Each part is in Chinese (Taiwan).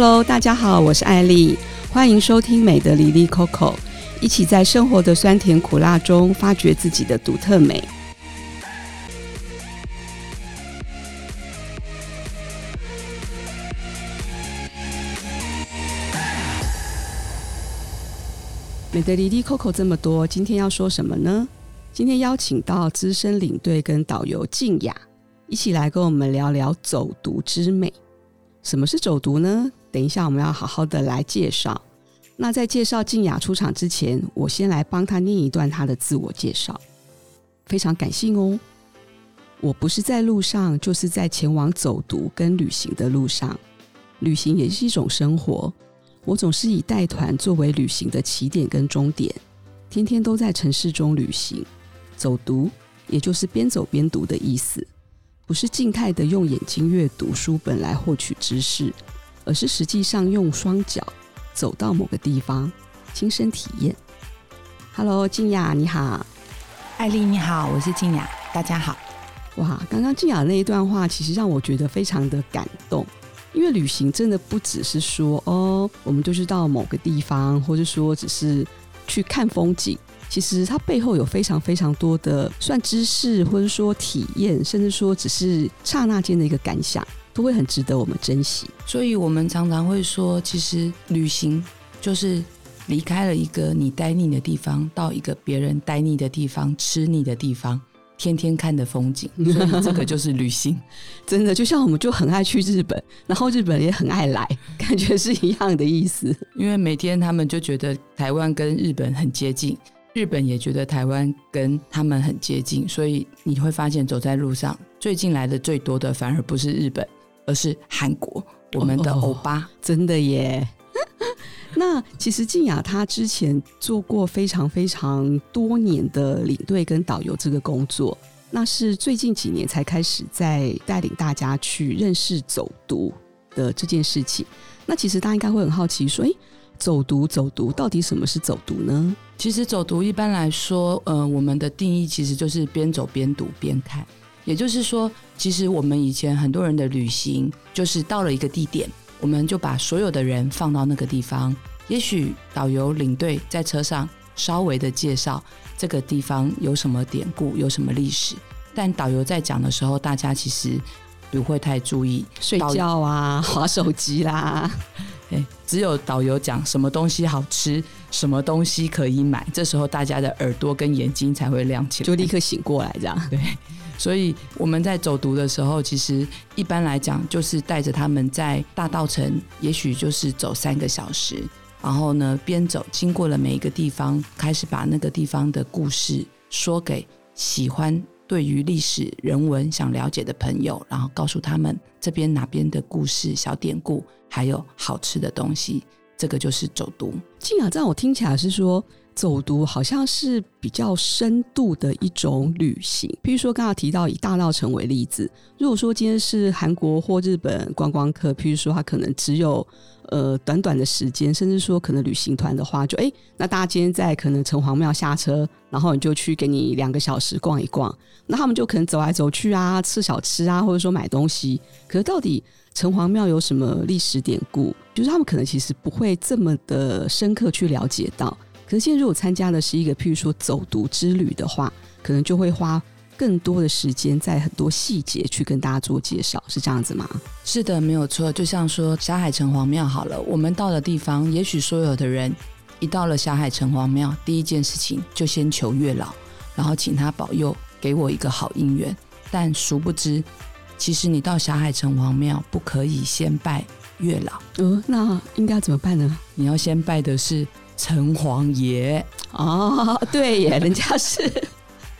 Hello，大家好，我是艾莉。歡迎收聽美的哩哩扣扣，一起在生活的酸甜苦辣中發掘自己的獨特美。美的哩哩扣扣這麼多，今天要說什麼呢？今天邀請到資深領隊跟導遊靖雅一起來跟我們聊聊走讀之美。什麼是走讀呢？等一下，我們要好好的來介紹。那在介紹靜雅出場之前，我先來幫她念一段她的自我介紹，非常感性哦。我不是在路上，就是在前往走讀跟旅行的路上。旅行也是一種生活。我總是以帶團作為旅行的起點跟終點，天天都在城市中旅行。走讀也就是邊走邊讀的意思，不是靜態的用眼睛閱讀書本來獲取知識。而是實際上用雙腳走到某個地方，親身體驗。Hello，靖雅你好，艾莉你好，我是靖雅，大家好。哇，剛剛靖雅的那一段話，其實讓我覺得非常的感動，因為旅行真的不只是說哦，我們就是到某個地方，或者說只是去看風景，其實它背後有非常非常多的算知識，或者說體驗，甚至說只是剎那間的一個感想。都會很值得我們珍惜，所以我們常常會說，其實旅行就是離開了一個你待膩的地方，到一個別人待膩的地方，吃膩的地方，天天看的風景，所以這個就是旅行。 真的，就像我們就很愛去日本，然後日本也很愛來，感覺是一樣的意思。因為每天他們就覺得台灣跟日本很接近，日本也覺得台灣跟他們很接近，所以你會發現走在路上，最近來的最多的反而不是日本，而是韓國，哦、我們的歐巴、哦、真的耶。 那其實靖雅她之前做過非常非常多年的領隊跟導遊這個工作，那是最近幾年才開始在帶領大家去認識走讀的這件事情。那其實大家應該會很好奇說，誒、哎，走讀走讀到底什麼是走讀呢？其實走讀一般來說，嗯、呃，我們的定義其實就是邊走邊讀邊看。也就是說，其實我們以前很多人的旅行，就是到了一個地點，我們就把所有的人放到那個地方。也許導遊領隊在車上稍微的介紹這個地方有什麼典故、有什麼歷史，但導遊在講的時候，大家其實不會太注意，睡覺啊、滑手機啦 對。只有導遊講什麼東西好吃、什麼東西可以買，這時候大家的耳朵跟眼睛才會亮起來，就立刻醒過來，這樣對。所以我們在走讀的時候，其實一般來講就是帶着他們在大稻埕，也許就是走三個小時，然後呢邊走經過了每一個地方，開始把那個地方的故事說給喜歡對於歷史人文想了解的朋友，然後告訴他們這邊哪邊的故事、小典故，還有好吃的東西。這個就是走讀。靖雅，這樣，我聽起來是說。走讀好像是比較深度的一種旅行。譬如說，剛剛提到以大稻埕為例子，如果說今天是韓國或日本觀光客，譬如說他可能只有呃短短的時間，甚至說可能旅行團的話，就哎、欸，那大家今天在可能城隍廟下車，然後你就去給你兩個小時逛一逛，那他們就可能走來走去啊，吃小吃啊，或者說買東西。可是到底城隍廟有什麼歷史典故？就是他們可能其實不會這麼的深刻去了解到。可是現在，如果參加的是一個譬如說走讀之旅的話，可能就會花更多的時間在很多細節去跟大家做介紹，是這樣子嗎？是的，沒有錯。就像說霞海城隍廟好了，我們到的地方，也許所有的人一到了霞海城隍廟，第一件事情就先求月老，然後請他保佑給我一個好姻緣。但殊不知，其實你到霞海城隍廟不可以先拜月老。嗯、哦，那應該怎麼辦呢？你要先拜的是。城隍爺哦，對耶，人家是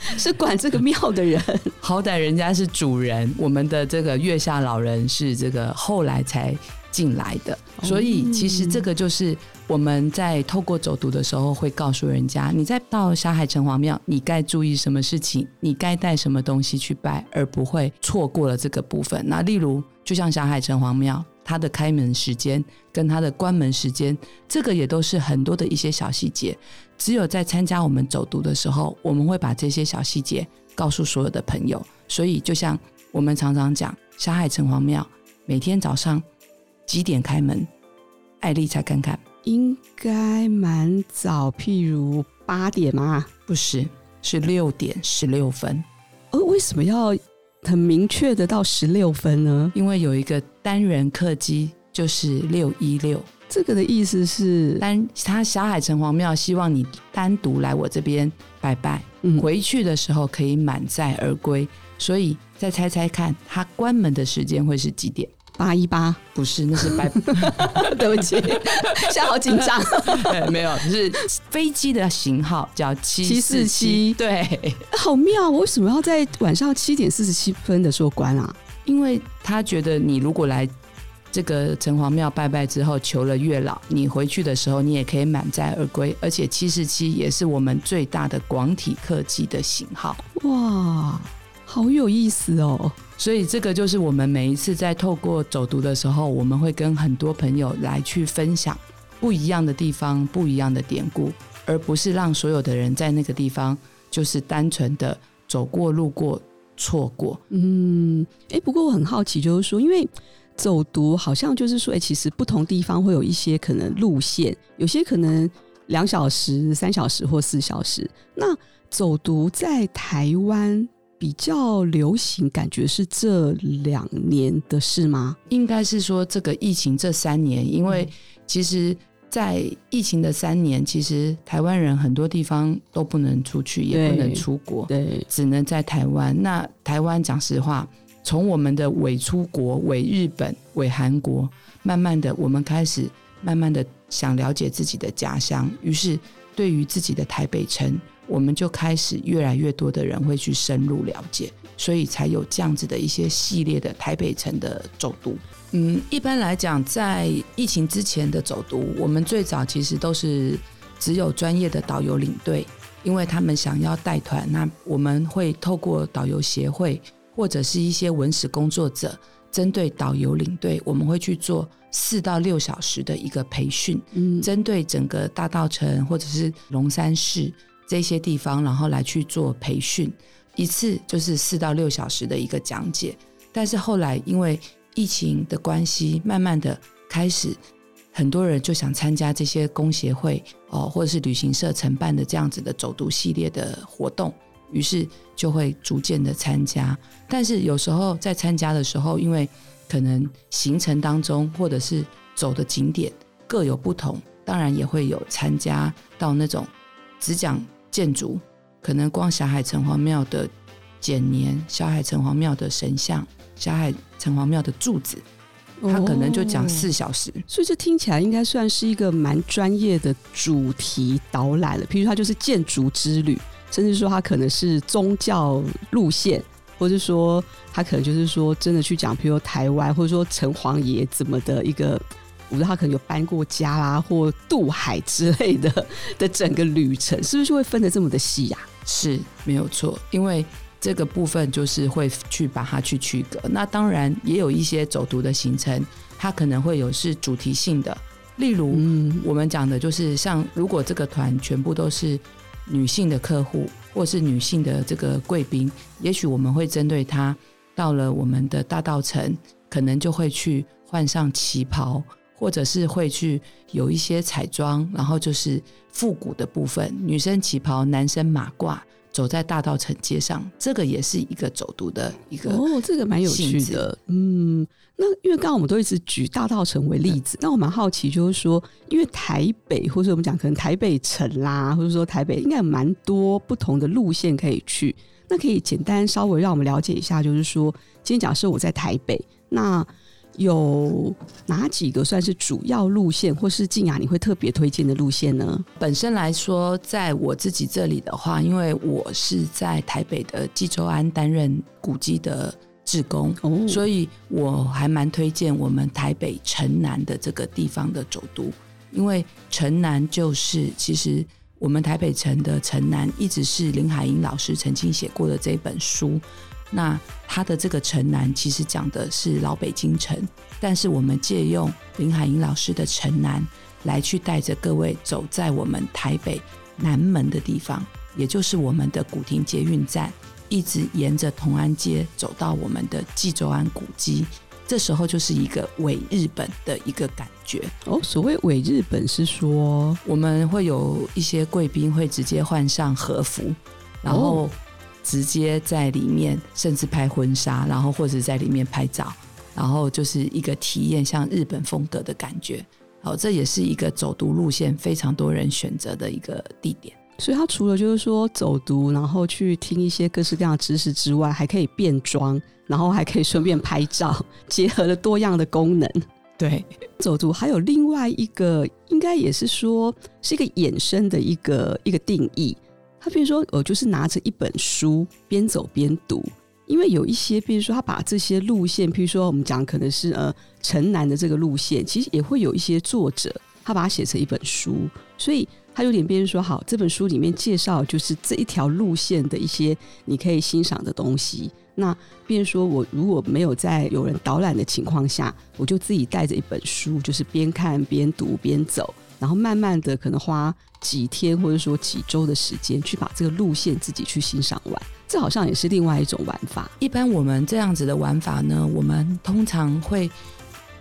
是管這個廟的人，好歹人家是主人。我們的這個月下老人是這個後來才進來的，哦、所以其實這個就是我們在透過走讀的時候，會告訴人家，嗯、你再到霞海城隍廟，你該注意什麼事情，你該帶什麼東西去拜，而不會錯過了這個部分。那例如，就像霞海城隍廟。他的開門時間跟他的關門時間，這個也都是很多的一些小細節。只有在參加我們走讀的時候，我們會把這些小細節告訴所有的朋友。所以，就像我們常常講，上海城隍廟每天早上幾點開門？艾麗，才看看，應該蠻早，譬如八點嗎？不是，是六點十六分。呃，為什麼要？很明確的到十六分呢？因為有一個單人客機就是六一六，這個的意思是單他霞海城隍廟希望你單獨來我這邊拜拜，嗯、回去的時候可以滿載而歸，所以再猜猜看，他關門的時間會是幾點？八一八？不是，那是拜， 對不起，現在好緊張、 欸。沒有，是飛機的型號叫七四七，對，好妙。我為什麼要在晚上七點四十七分的時候關啊？因為他覺得你如果來這個城隍廟拜拜之後求了月老，你回去的時候你也可以滿載而歸，而且七四七也是我們最大的廣體客機的型號。哇，好有意思哦。所以這個就是我們每一次在透過走讀的時候，我們會跟很多朋友來去分享不一樣的地方、不一樣的典故，而不是讓所有的人在那個地方就是單純的走過、路過、錯過。嗯，哎、欸，不過我很好奇，就是說，因為走讀好像就是說，哎、欸，其實不同地方會有一些可能路線，有些可能兩小時、三小時或四小時。那走讀在台灣？比較流行，感覺是這兩年的事嗎？應該是說，這個疫情這三年，因為其實，在疫情的三年，其實台灣人很多地方都不能出去，也不能出國，對，對，只能在台灣。那台灣講實話，從我們的偽出國、偽日本、偽韓國，慢慢的，我們開始慢慢的想了解自己的家鄉。於是，對於自己的台北城。我們就開始越來越多的人會去深入了解，所以才有這樣子的一些系列的台北城的走讀。嗯，一般來講，在疫情之前的走讀，我們最早其實都是只有專業的導遊領隊，因為他們想要帶團。那我們會透過導遊協會或者是一些文史工作者，針對導遊領隊，我們會去做四到六小時的一個培訓，嗯，針對整個大稻埕或者是龍山寺。這些地方，然後來去做培訓，一次就是四到六小時的一個講解。但是後來因為疫情的關係，慢慢的開始，很多人就想參加這些公協會哦，或者是旅行社承辦的這樣子的走讀系列的活動，於是就會逐漸的參加。但是有時候在參加的時候，因為可能行程當中或者是走的景點各有不同，當然也會有參加到那種只講。建築可能逛霞海城隍廟的剪黏，霞海城隍廟的神像，霞海城隍廟的柱子，他可能就講四小時。哦，所以這聽起來應該算是一個蠻專業的主題導覽了。譬如他就是建築之旅，甚至說他可能是宗教路線，或者說他可能就是說真的去講，譬如說台灣，或者說城隍爺怎麼的一個。不知道他可能有搬過家啦、啊，或渡海之類的的整個旅程，是不是就會分得這麼的細呀、啊？是沒有錯，因為這個部分就是會去把它去區隔。那當然也有一些走讀的行程，它可能會有是主題性的，例如我們講的就是像如果這個團全部都是女性的客戶，或是女性的這個貴賓，也許我們會針對他到了我們的大稻埕，可能就會去換上旗袍。或者是會去有一些彩妝，然後就是復古的部分，女生旗袍，男生馬褂，走在大道城街上，這個也是一個走讀的一個哦，這個蠻有趣的，嗯，那因為剛剛我們都一直舉大道城為例子，嗯、那我蠻好奇，就是說，因為台北，或者我們講可能台北城啦，或者說台北應該有蠻多不同的路線可以去，那可以簡單稍微讓我們了解一下，就是說，今天假設我在台北，那。有哪幾個算是主要路線，或是靖雅你會特別推薦的路線呢？本身來說，在我自己這裡的話，因為我是在台北的紀州庵擔任古蹟的志工，哦、所以我還蠻推薦我們台北城南的這個地方的走讀，因為城南就是其實我們台北城的城南，一直是林海音老師曾經寫過的這本書。那他的這個城南其實講的是老北京城，但是我們借用林海音老師的城南來去帶着各位走在我們台北南門的地方，也就是我們的古亭捷運站，一直沿着同安街走到我們的紀州庵古蹟，這時候就是一個偽日本的一個感覺。哦，所謂偽日本是說我們會有一些貴賓會直接換上和服，然後、哦。直接在裡面，甚至拍婚紗，然後或者在裡面拍照，然後就是一個體驗像日本風格的感覺。好、哦，這也是一個走讀路線非常多人選擇的一個地點。所以，它除了就是說走讀，然後去聽一些各式各樣的知識之外，還可以變裝，然後還可以順便拍照，結合了多樣的功能。對，走讀還有另外一個，應該也是說是一個衍生的一個一個定義。他比如說，我就是拿着一本書邊走邊讀，因為有一些，比如說他把這些路線，譬如說我們講可能是呃城南的這個路線，其實也會有一些作者他把它寫成一本書，所以他有點，變成說，好，這本書裡面介紹就是這一條路線的一些你可以欣賞的東西。那變成說我如果沒有在有人導覽的情況下，我就自己帶着一本書，就是邊看邊讀邊走。然後慢慢的，可能花幾天或者說幾周的時間去把這個路線自己去欣賞完，這好像也是另外一種玩法。一般我們這樣子的玩法呢，我們通常會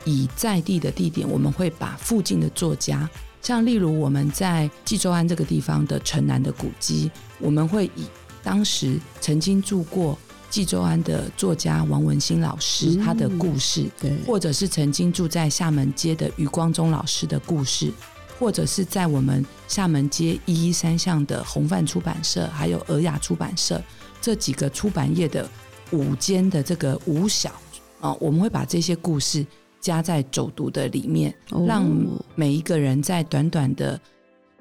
以在地的地點，我們會把附近的作家，像例如我們在紀州庵這個地方的城南的古迹，我們會以當時曾經住過紀州庵的作家王文興老師他的故事，嗯、對或者是曾經住在廈門街的余光中老師的故事。或者是在我們廈門街一一三巷的洪範出版社，還有爾雅出版社這幾個出版業的五間的這個五小啊，我們會把這些故事加在走讀的裡面，讓每一個人在短短的。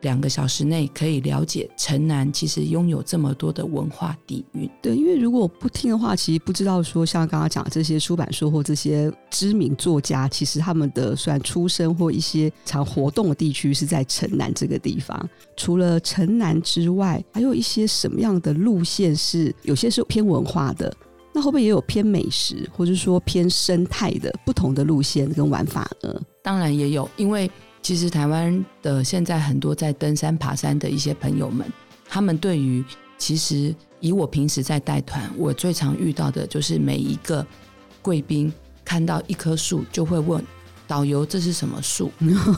兩個小時內可以了解城南，其實擁有這麼多的文化底蘊。對，因為如果不聽的話，其實不知道說像剛剛講的這些出版社或這些知名作家，其實他們的雖然出生或一些常活動的地區是在城南這個地方。除了城南之外，還有一些什麼樣的路線是有些是偏文化的？那會不會也有偏美食，或者說偏生態的不同的路線跟玩法呢？當然也有，因為。其實台灣的現在很多在登山爬山的一些朋友們，他們對於，其實以我平時在帶團，我最常遇到的就是每一個貴賓看到一棵樹就會問導遊，這是什麼樹？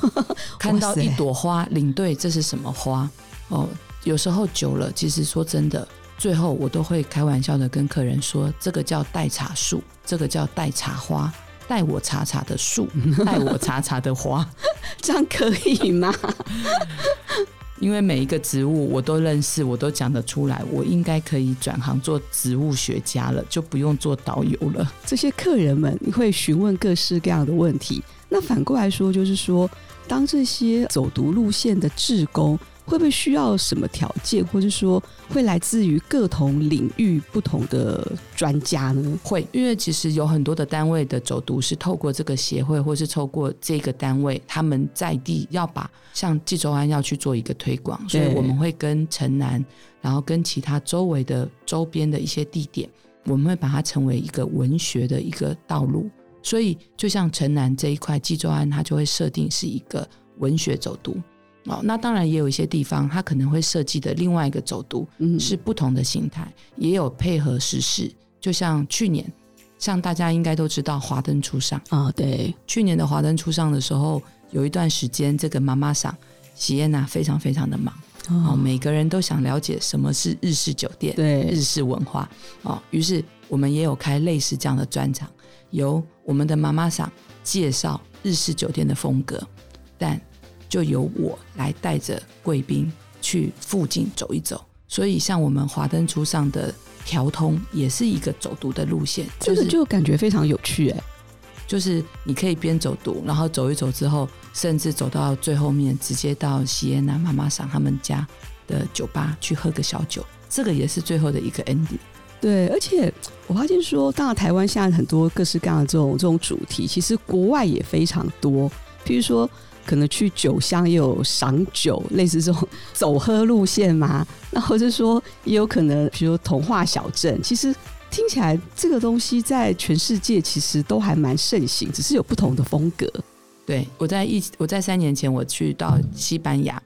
看到一朵花，領隊，這是什麼花哦。有時候久了，其實說真的，最後我都會開玩笑地跟客人說，這個叫待查樹，這個叫待查花。帶我查查的樹，帶我查查的花， 這樣可以嗎？ 因為每一個植物我都認識，我都講得出來，我應該可以轉行做植物學家了，就不用做導遊了。這些客人們會詢問各式各樣的問題，那反過來說，就是說，當這些走讀路線的志工，會不會需要什麼條件，或是說會來自於各同領域不同的專家呢？會，因為其實有很多的單位的走讀是透過這個協會，或是透過這個單位，他們在地要把像紀州庵要去做一個推廣，對所以我們會跟城南，然後跟其他周圍的周邊的一些地點，我們會把它成為一個文學的一個道路。所以就像城南這一塊紀州庵，它就會設定是一個文學走讀。哦，那當然也有一些地方，它可能會設計的另外一個走讀、嗯、哼是不同的形態，也有配合時事，就像去年，像大家應該都知道，華燈初上啊，對，去年的華燈初上的時候，有一段時間，這個媽媽桑喜宴娜非常非常的忙、啊、哦，每個人都想了解什麼是日式酒店，對日式文化於、哦、是我們也有開類似這樣的專場，由我們的媽媽桑介紹日式酒店的風格，但就由我來帶着貴賓去附近走一走，所以像我們華燈初上的條通，也是一個走讀的路線，就是就感覺非常有趣、欸、就是你可以邊走讀，然後走一走之後，甚至走到最後面，直接到西安娜媽媽桑他們家的酒吧去喝個小酒，這個也是最後的一個 ending。對，而且我發現說，當然台灣現在很多各式各樣的這種這種主題，其實國外也非常多，譬如說。可能去酒鄉也有賞酒，類似這種走喝路線嗎？那或者說也有可能，比如童話小鎮，其實聽起來這個東西在全世界其實都還蠻盛行，只是有不同的風格。對，我在一，我在三年前我去到西班牙，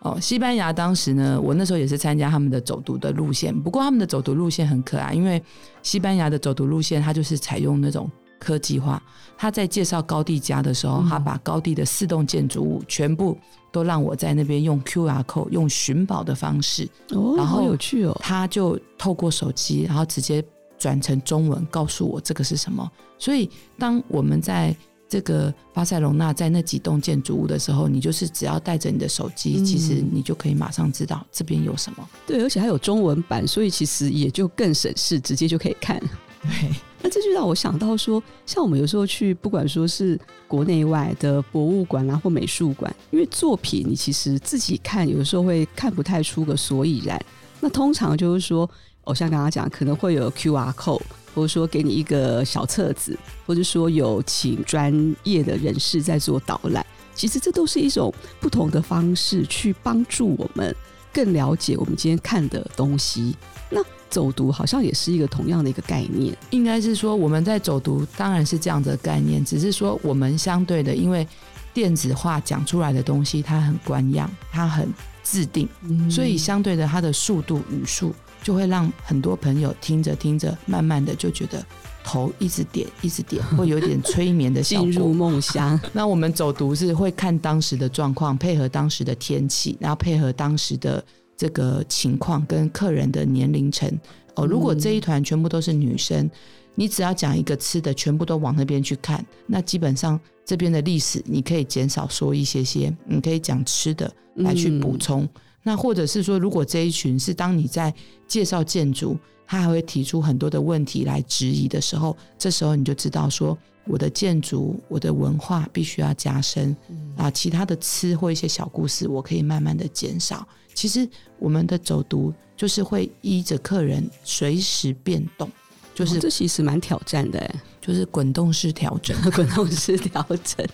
哦，西班牙當時呢，我那時候也是參加他們的走讀的路線，不過他們的走讀路線很可愛，因為西班牙的走讀路線它就是採用那種。科技化。他在介紹高地家的時候，他把高地的四棟建築物全部都讓我在那邊用 QR code 用尋寶的方式，哦，然後好有趣哦，他就透過手機，然後直接轉成中文告訴我這個是什麼。所以，當我們在這個巴塞隆納，在那幾棟建築物的時候，你就是只要帶着你的手機，嗯，其實你就可以馬上知道這邊有什麼。對，而且還有中文版，所以其實也就更省事，直接就可以看。對，那這就讓我想到說，像我們有時候去，不管說是國內外的博物館啊，或美術館，因為作品你其實自己看，有時候會看不太出個所以然。那通常就是說，我、哦、像剛剛講，可能會有 QR code，或者說給你一個小冊子，或者說有請專業的人士在做導覽。其實這都是一種不同的方式去幫助我們。更了解我們今天看的東西，那走讀好像也是一個同樣的一個概念，應該是說我們在走讀，當然是這樣的概念，只是說我們相對的，因為電子化講出來的東西，它很官樣，它很制定，嗯、所以相對的它的速度語速，就會讓很多朋友聽着聽着，慢慢的就覺得。頭一直點，一直點，會有點催眠的效果，進入夢鄉。 那我們走讀是會看當時的狀況，配合當時的天氣，然後配合當時的這個情況跟客人的年齡層。哦、呃，如果這一團全部都是女生，嗯、你只要講一個吃的，全部都往那邊去看，那基本上這邊的歷史你可以減少說一些些，你可以講吃的來去補充。嗯、那或者是說，如果這一群是當你在介紹建築。他還會提出很多的問題來質疑的時候，這時候你就知道說我的建築、我的文化必須要加深，嗯、啊，其他的吃或一些小故事，我可以慢慢的減少。其實我們的走讀就是會依着客人隨時變動，就是、哦、這其實蠻挑戰的，哎，就是滾動式調整，滾 動式調整。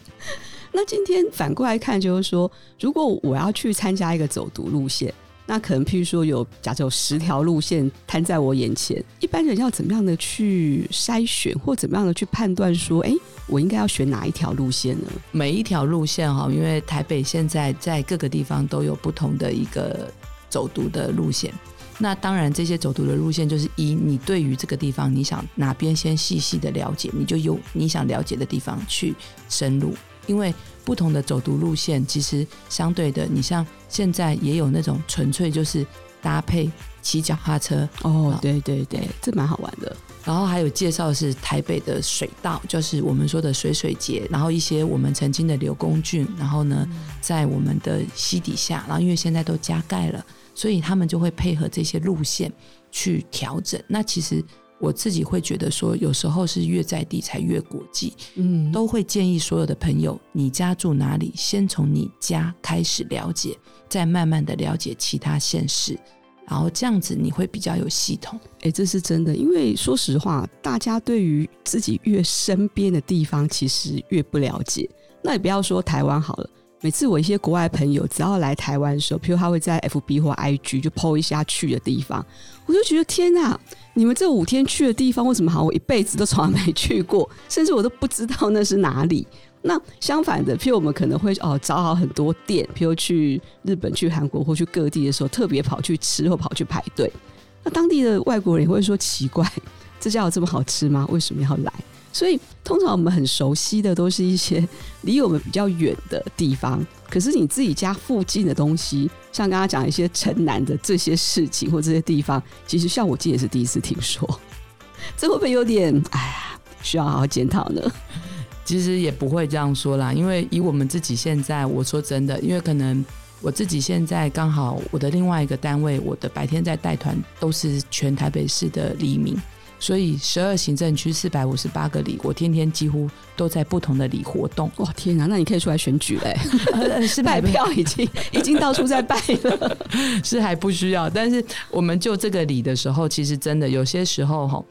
那今天反過來看，就是說，如果我要去參加一個走讀路線。那可能譬如說有，假設有十條路線攤在我眼前，一般人要怎麼樣的去篩選，或怎麼樣的去判斷說，哎、欸，我應該要選哪一條路線呢？每一條路線哈，因為台北現在在各個地方都有不同的一個走讀的路線。那當然，這些走讀的路線就是一，你對於這個地方你想哪邊先細細的了解，你就由你想了解的地方去深入，因為。不同的走讀路線，其實相對的，你像現在也有那種純粹就是搭配騎腳踏車哦，對對對，這蠻好玩的。然後還有介紹是台北的水道，就是我們說的水水節，然後一些我們曾經的瑠公圳，然後呢，嗯、在我們的溪底下，然後因為現在都加蓋了，所以他們就會配合這些路線去調整。那其實。我自己會覺得說，有時候是越在地才越國際，嗯，都會建議所有的朋友，你家住哪裡，先從你家開始了解，再慢慢的了解其他縣市，然後這樣子你會比較有系統。哎、欸，這是真的，因為說實話，大家對於自己越身邊的地方，其實越不了解。那也不要說台灣好了。每次我一些國外朋友只要來台灣的時候，譬如，他會在 FB 或 IG 就 po 一下去的地方，我就覺得天啊，你們這五天去的地方，為什麼好像我一輩子都從來沒去過，甚至我都不知道那是哪裡。那相反的，譬如我們可能會哦找好很多店，譬如去日本、去韓國或去各地的時候，特別跑去吃或跑去排隊，那當地的外國人也會說奇怪，這家有這麼好吃嗎？為什麼要來？所以通常我們很熟悉的都是一些離我們比較遠的地方，可是你自己家附近的東西，像剛剛講一些城南的這些事情或這些地方，其實像我今天也是第一次聽說，這會不會有點哎呀，需要好好檢討呢？其實也不會這樣說啦，因為以我們自己現在，我說真的，因為可能我自己現在剛好我的另外一個單位，我的白天在帶團都是全台北市的黎明。所以，十二行政區四百五十八個里，我天天幾乎都在不同的里活動。哇天啊，那你可以出來選舉嘞！是拜 票，已經 已經到處在拜了。 是還不需要，但是我們就這個里的時候，其實真的有些時候吼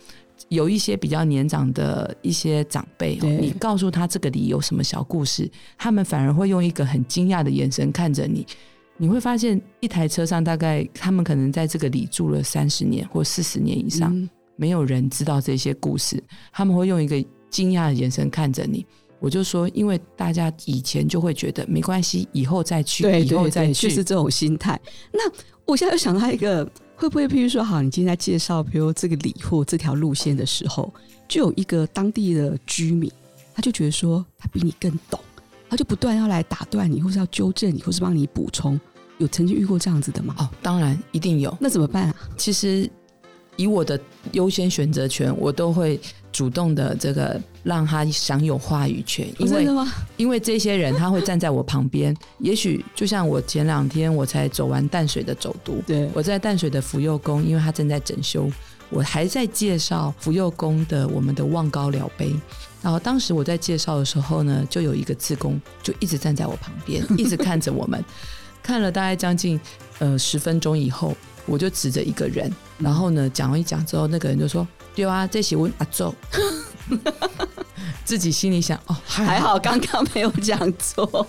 有一些比較年長的一些長輩，對你告訴他這個里有什麼小故事，他們反而會用一個很驚訝的眼神看着你。你會發現，一台車上大概他們可能在這個里住了三十年或四十年以上。嗯沒有人知道這些故事，他們會用一個驚訝的眼神看着你。我就說，因為大家以前就會覺得沒關係，以後再去，對以後再去，是這種心態。 那我現在又想到一個，會不會，譬如說，好，你今天在介紹，比如這個里或這條路線的時候，就有一個當地的居民，他就覺得說他比你更懂，他就不斷要來打斷你，或是要糾正你，或是幫你補充。有曾經遇過這樣子的嗎？哦，當然一定有。那怎麼辦啊？其實。以我的優先選擇權，我都會主動的這個讓他享有話語權，因為，真的嗎？因為這些人他會站在我旁邊。 也許就像我前兩天我才走完淡水的走讀，對，我在淡水的福佑宮，因為他正在整修，我還在介紹福佑宮的我們的望高聊碑。然後當時我在介紹的時候呢，就有一個志工就一直站在我旁邊，一直看着我們， 看了大概將近呃十分鐘以後。我就指着一個人，嗯、然後呢，講完一講之後，那個人就說：“對啊，這是我阿祖。 ”自己心裡想：“哦，還好剛剛沒有講錯。好”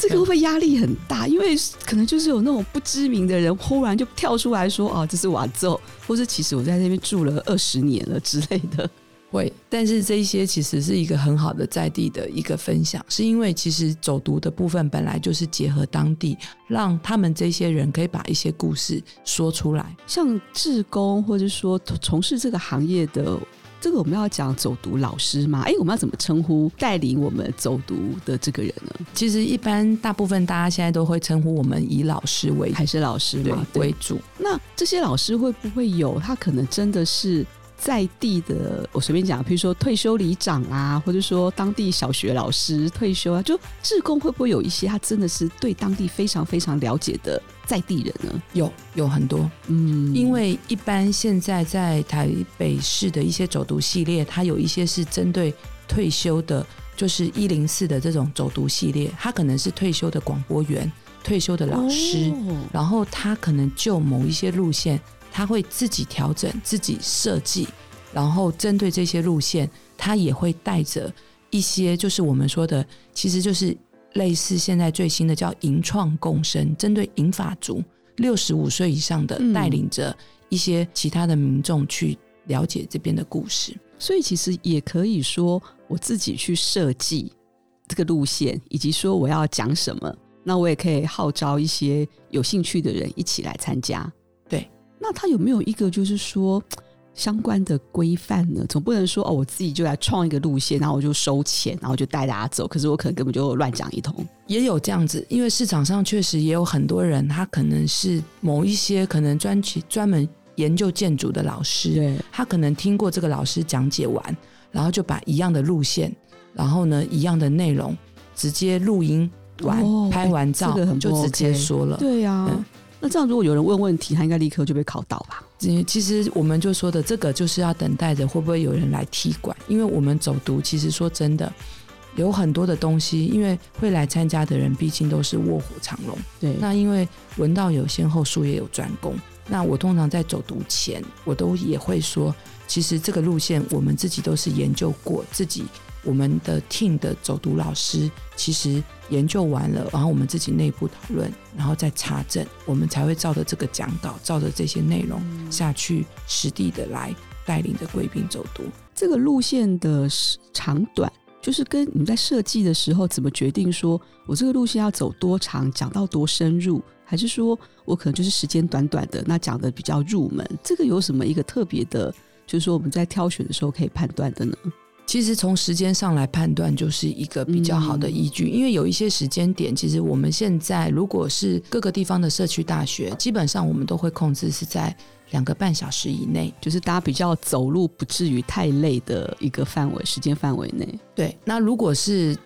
這個會不會壓力很大？因為可能就是有那種不知名的人忽然就跳出來說：“哦、啊，這是我阿祖，或是其實我在那邊住了二十年了之類的。”會，但是這一些其實是一個很好的在地的一個分享，是因為其實走讀的部分本來就是結合當地，讓他們這些人可以把一些故事說出來，像志工或者說從事這個行業的，這個我們要講走讀老師嗎？哎，我們要怎麼稱呼帶領我們走讀的這個人呢？其實一般大部分大家現在都會稱呼我們以老師為還是老師為為主，那這些老師會不會有他可能真的是？在地的，我隨便講，譬如說退休里長啊，或者說當地小學老師退休啊，就志工會不會有一些他真的是對當地非常非常了解的在地人呢？有，有很多，嗯，因為一般現在在台北市的一些走讀系列，他有一些是針對退休的，就是一零四的這種走讀系列，他可能是退休的廣播員、退休的老師，哦，然後他可能就某一些路線，他會自己調整、自己設計，然後針對這些路線，他也會帶着一些，就是我們說的，其實就是類似現在最新的叫“銀創共生”，針對銀髮族六十五歲以上的，帶領着一些其他的民眾去了解這邊的故事。嗯、所以，其實也可以說，我自己去設計這個路線，以及說我要講什麼，那我也可以號召一些有興趣的人一起來參加。那他有沒有一個就是說相關的規範呢？總不能說哦，我自己就來創一個路線，然後我就收錢，然後就帶大家走，可是我可能根本就亂講一通。也有這樣子，因為市場上確實也有很多人，他可能是某一些可能專專專門研究建築的老師，對他可能聽過這個老師講解完，然後就把一樣的路線，然後呢一樣的內容直接錄音完、哦、拍完照、欸、這個很不 OK、就直接說了。對呀、啊。嗯那這樣，如果有人問問題，他應該立刻就被考倒吧？其實我們就說的這個，就是要等待着會不會有人來踢館，因為我們走讀其實說真的有很多的東西，因為會來參加的人畢竟都是臥虎藏龍。對，那因為聞道有先後，術業有專攻。那我通常在走讀前，我都也會說，其實這個路線我們自己都是研究過，自己。我們的 team 的走讀老師其實研究完了，然後我們自己內部討論，然後再查證，我們才會照着這個講稿，照着這些內容下去實地的來帶領着貴賓走讀。這個路線的長短，就是跟你們在設計的時候怎麼決定說，說我這個路線要走多長，講到多深入，還是說我可能就是時間短短的，那講的比較入門，這個有什麼一個特別的，就是說我們在挑選的時候可以判斷的呢？其實從時間上來判斷，就是一個比較好的依據。嗯嗯。因為有一些時間點，其實我們現在如果是各個地方的社區大學，基本上我們都會控制是在兩個半小時以內，就是大家比較走路不至於太累的一個範圍，時間範圍內。對，那如果是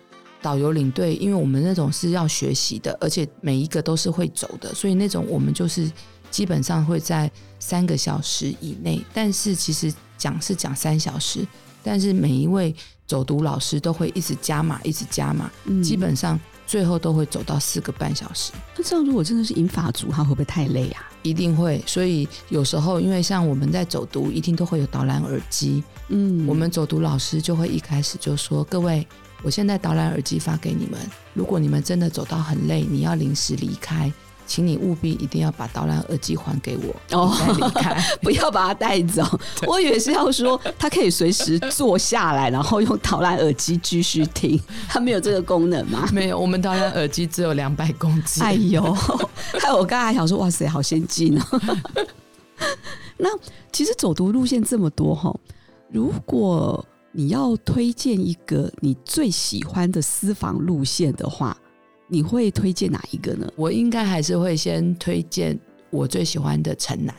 導遊領隊，因為我們那種是要學習的，而且每一個都是會走的，所以那種我們就是基本上會在三個小時以內。但是其實講是講三小時。但是每一位走讀老師都會一直加碼，一直加碼，嗯，基本上最後都會走到四個半小時。那這樣如果真的是銀髮族，他會不會太累啊？一定會。所以有時候因為像我們在走讀，一定都會有導覽耳機。嗯，我們走讀老師就會一開始就說：“各位，我現在導覽耳機發給你們。如果你們真的走到很累，你要臨時離開。”請你務必一定要把導覽耳機還給我，哦，再離開， 不要把它帶走。 對 我以為是要說，他可以隨時坐下來，然後用導覽耳機繼續聽。他沒有這個功能嗎？ 沒有，我們導覽耳機只有兩百公尺。哎 呦，害我剛才還想說，哇塞，好先進哦、啊。 那其實走讀路線這麼多哈，如果你要推薦一個你最喜歡的私房路線的話。你會推薦哪一個呢？我應該還是會先推薦我最喜歡的城南。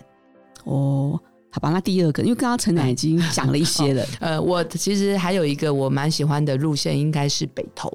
哦，好吧，吧，那第二個，因為剛剛城南已經講了一些了、 哦。呃，我其實還有一個我蠻喜歡的路線，應該是北投。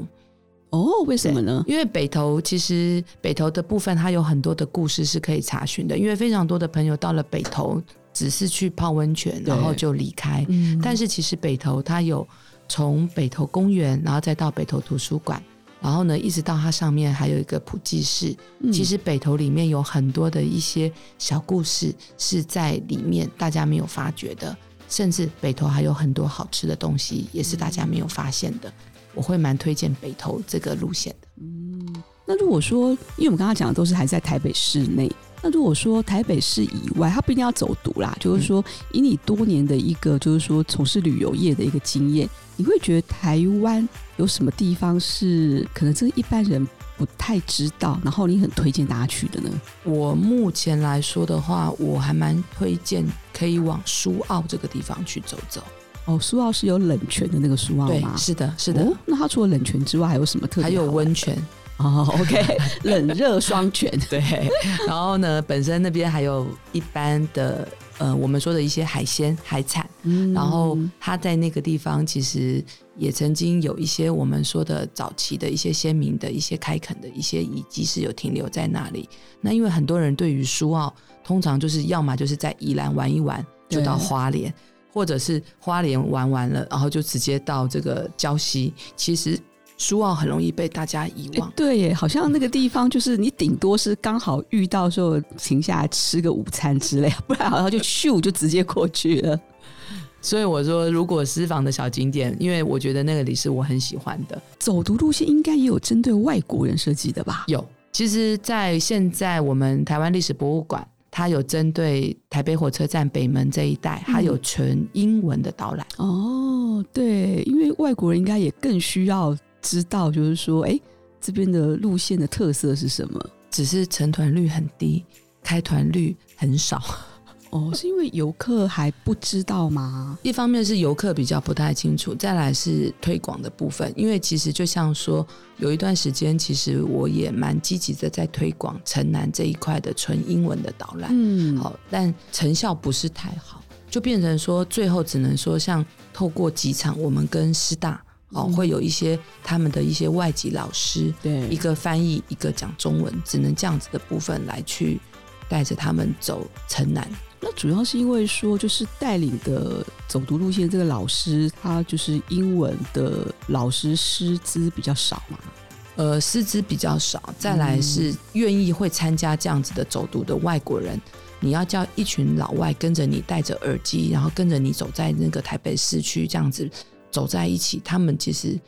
哦，為什麼呢？因為北投其實北投的部分，它有很多的故事是可以查詢的。因為非常多的朋友到了北投，只是去泡溫泉，對然後就離開。嗯、但是其實北投它有從北投公園，然後再到北投圖書館。然後呢，一直到它上面還有一個普濟寺。嗯、其實北投裡面有很多的一些小故事是在裡面，大家沒有發覺的。甚至北投還有很多好吃的東西，也是大家沒有發現的。嗯、我會蠻推薦北投這個路線的。嗯，那如果說，因為我們剛剛講的都是還在台北市內。那如果說台北市以外，他不一定要走讀啦，就是說以你多年的一個就是說從事旅遊業的一個經驗，你會覺得台灣有什麼地方是可能這一般人不太知道，然後你很推薦大家去的呢？我目前來說的話，我還蠻推薦可以往蘇澳這個地方去走走。哦，蘇澳是有冷泉的那個蘇澳嗎？對，是的，是的，哦。那它除了冷泉之外，還有什麼特別的？還有溫泉。哦、oh，OK， 冷熱雙全。 對， 然後呢，本身那邊還有一般的，呃，我們說的一些海鮮、海產。嗯，然後他在那個地方，其實也曾經有一些我們說的早期的一些先民的一些、的一些開墾的一些遺跡是有停留在那裡。那因為很多人對於蘇澳，通常就是要麼就是在宜蘭玩一玩，對就到花蓮，或者是花蓮玩完了，然後就直接到這個礁溪。其實。舒奧很容易被大家遺忘，欸、對耶，好像那個地方就是你頂多是剛好遇到時候停下來吃個午餐之類，不然好像就咻就直接過去了。 所以我說，如果私房的小景點，因為我覺得那個里是我很喜歡的。走讀路線應該也有針對外國人設計的吧？有，其實，在現在我們台灣歷史博物館，它有針對台北火車站北門這一帶，嗯、它有全英文的導覽。哦，對，因為外國人應該也更需要。知道就是說，哎、欸，這邊的路線的特色是什麼？只是成團率很低，開團率很少。哦，是因為遊客還不知道嗎？一方面是遊客比較不太清楚，再來是推廣的部分。因為其實就像說，有一段時間，其實我也蠻積極的在推廣城南這一塊的純英文的導覽。嗯，好，但成效不是太好，就變成說最後只能說像透過幾場，我們跟師大。哦，會有一些他們的一些外籍老師，對，一個翻譯，一個講中文，只能這樣子的部分來去帶着他們走城南。那主要是因為說，就是帶領的走讀路線，這個老師他就是英文的老師師資比較少嘛，呃，師資比較少，再來是願意會參加這樣子的走讀的外國人，嗯、你要叫一群老外跟着你，戴着耳機，然後跟着你走在那個台北市區這樣子。走在一起，他們其實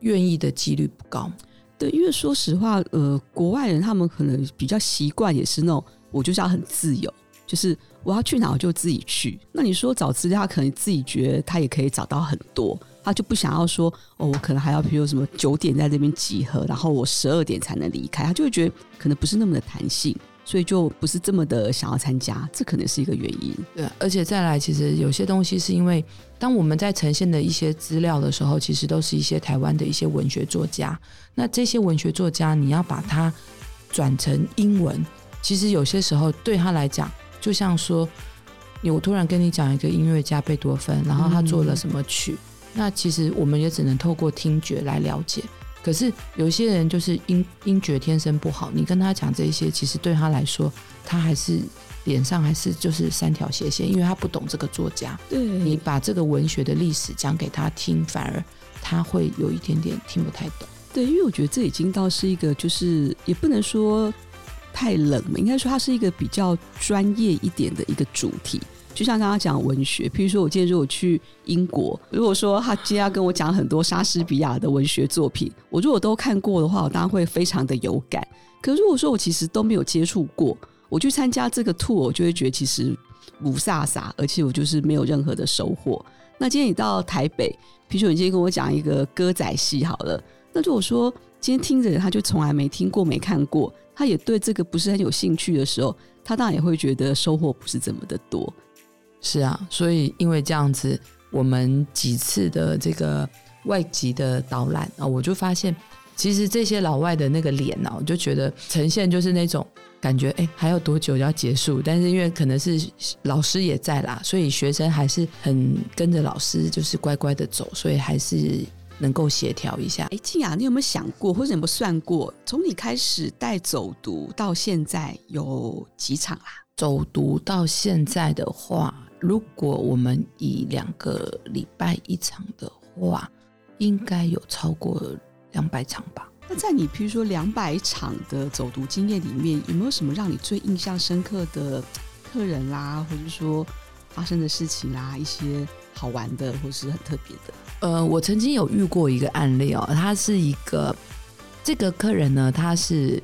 願意的幾率不高。對，因為說實話，呃，國外人他們可能比較習慣，也是那種我就是要很自由，就是我要去哪我就自己去。那你說找資料，他可能自己覺得他也可以找到很多，他就不想要說哦，我可能還要比如什麼九點在這邊集合，然後我十二點才能離開，他就會覺得可能不是那麼的彈性。所以就不是這麼的想要參加，這可能是一個原因。對，而且再來，其實有些東西是因為當我們在呈現的一些資料的時候，其實都是一些台灣的一些文學作家。那這些文學作家，你要把它轉成英文，其實有些時候對他來講，就像說，我突然跟你講一個音樂家貝多芬，然後他做了什麼曲，嗯，那其實我們也只能透過聽覺來了解。可是有些人就是音音覺天生不好，你跟他講這些，其實對他來說，他還是臉上還是就是三條斜線，因為他不懂這個作家。對，你把這個文學的歷史講給他聽，反而他會有一點點聽不太懂。對，因為我覺得這已經倒是一個，就是也不能說太冷嘛，應該說它是一個比較專業一點的一個主題。就像剛剛講文學，譬如說，我今天如果去英國，如果說他今天要跟我講很多莎士比亞的文學作品，我如果都看過的話，我當然會非常的有感。可是如果說我其實都沒有接觸過，我去參加這個 tour，我就會覺得其實霧煞煞，而且我就是沒有任何的收穫。那今天你到台北，譬如說你今天跟我講一個歌仔戲好了，那如果說今天聽着他就從來沒聽過、沒看過，他也對這個不是很有興趣的時候，他當然也會覺得收穫不是這麼的多。是啊，所以因為這樣子，我們幾次的這個外籍的導覽啊，我就發現其實這些老外的那個臉、啊、我就覺得呈現就是那種感覺，哎，還要多久要結束？但是因為可能是老師也在啦，所以學生還是很跟着老師，就是乖乖的走，所以還是能夠協調一下。哎，靜雅、啊，你有沒有想過或者有沒有算過，從你開始帶走讀到現在有幾場啦、啊？走讀到現在的話。如果我們以兩個禮拜一場的話，應該有超過兩百場吧。那在你，譬如說兩百場的走讀經驗裡面，有沒有什麼讓你最印象深刻的客人啦，或者說發生的事情啦，一些好玩的或是很特別的？呃，我曾經有遇過一個案例哦、喔，他是一個這個客人呢，他是。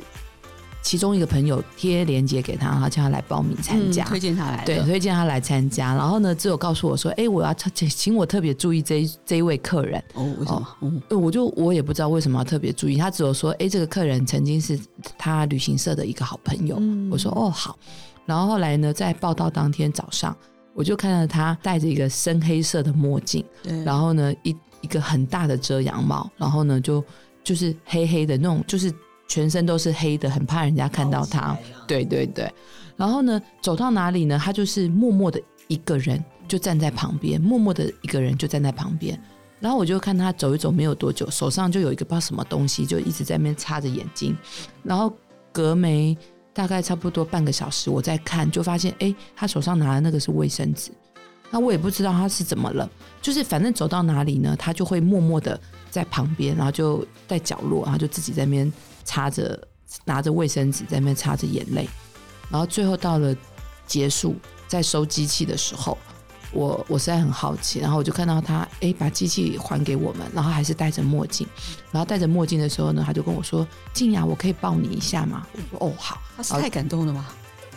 其中一個朋友貼連結給他，他叫他來報名參加，嗯、推薦他來，對，推薦他來參加。嗯、然後呢，只有告訴我說：“哎，我要請，請我特別注意這一這一位客人哦、嗯、哦，我就我也不知道為什麼要特別注意。他只有說：哎，這個客人曾經是他旅行社的一個好朋友。嗯、我說：哦，好。然後後來呢，在報到當天早上，我就看到他戴着一個深黑色的墨鏡，對然後呢一一個很大的遮陽帽，然後呢就就是黑黑的那種，就是。全身都是黑的，很怕人家看到他。對對對，然後呢，走到哪裡呢，他就是默默的一個人，就站在旁邊，默默的一個人就站在旁邊。然後我就看他走一走，沒有多久，手上就有一個不知道什麼東西，就一直在那邊擦着眼睛。然後隔沒大概差不多半個小時我再，我在看就發現，哎，他手上拿的那個是衛生紙。那我也不知道他是怎麼了，就是反正走到哪裡呢，他就會默默的在旁邊，然後就在角落，然後就自己在那邊。擦着，拿着衛生紙在那擦着眼淚，然後最後到了結束，在收機器的時候，我我實在很好奇，然後我就看到他，哎，把機器還給我們，然後還是戴着墨鏡，然後戴着墨鏡的時候呢，他就跟我說：“靖雅，我可以抱你一下嗎？”我說：“哦，好。”他是太感動了嗎？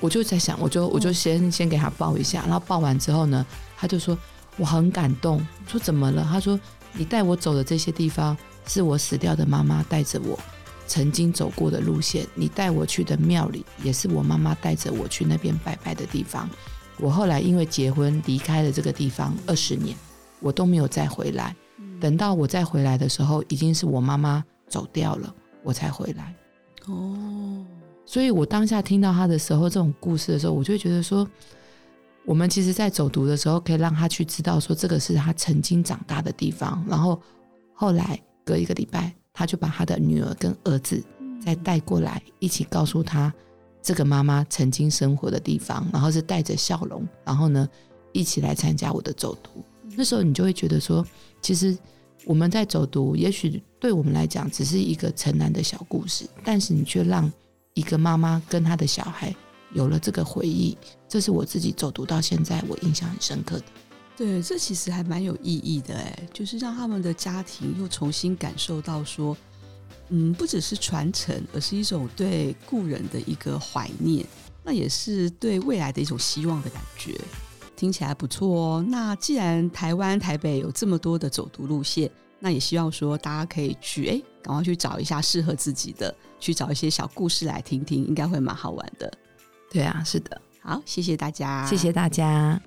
我就在想，我就我就先、哦、先給他抱一下，然後抱完之後呢，他就說：“我很感動。”我說怎麼了？他說：“你帶我走的這些地方，是我死掉的媽媽帶着我。”曾經走過的路線，你帶我去的廟裡，也是我媽媽帶着我去那邊拜拜的地方。我後來因為結婚離開了這個地方二十年，我都沒有再回來。等到我再回來的時候，已經是我媽媽走掉了，我才回來。哦，所以我當下聽到他的時候，這種故事的時候，我就會覺得說，我們其實，在走讀的時候，可以讓他去知道說，這個是他曾經長大的地方。然後後來隔一個禮拜。他就把他的女兒跟兒子再帶過來，一起告訴他這個媽媽曾經生活的地方，然後是帶着笑容，然後呢一起來參加我的走讀。那時候你就會覺得說，其實我們在走讀，也許對我們來講只是一個城南的小故事，但是你卻讓一個媽媽跟他的小孩有了這個回憶。這是我自己走讀到現在，我印象很深刻的。對，這其實還蠻有意義的哎，就是讓他們的家庭又重新感受到說，嗯，不只是傳承，而是一種對故人的一個懷念，那也是對未來的一種希望的感覺，聽起來不錯哦。那既然台灣台北有這麼多的走讀路線，那也希望說大家可以去哎，趕快去找一下適合自己的，去找一些小故事來聽聽，應該會蠻好玩的。對啊，是的，好，謝謝大家，謝謝大家。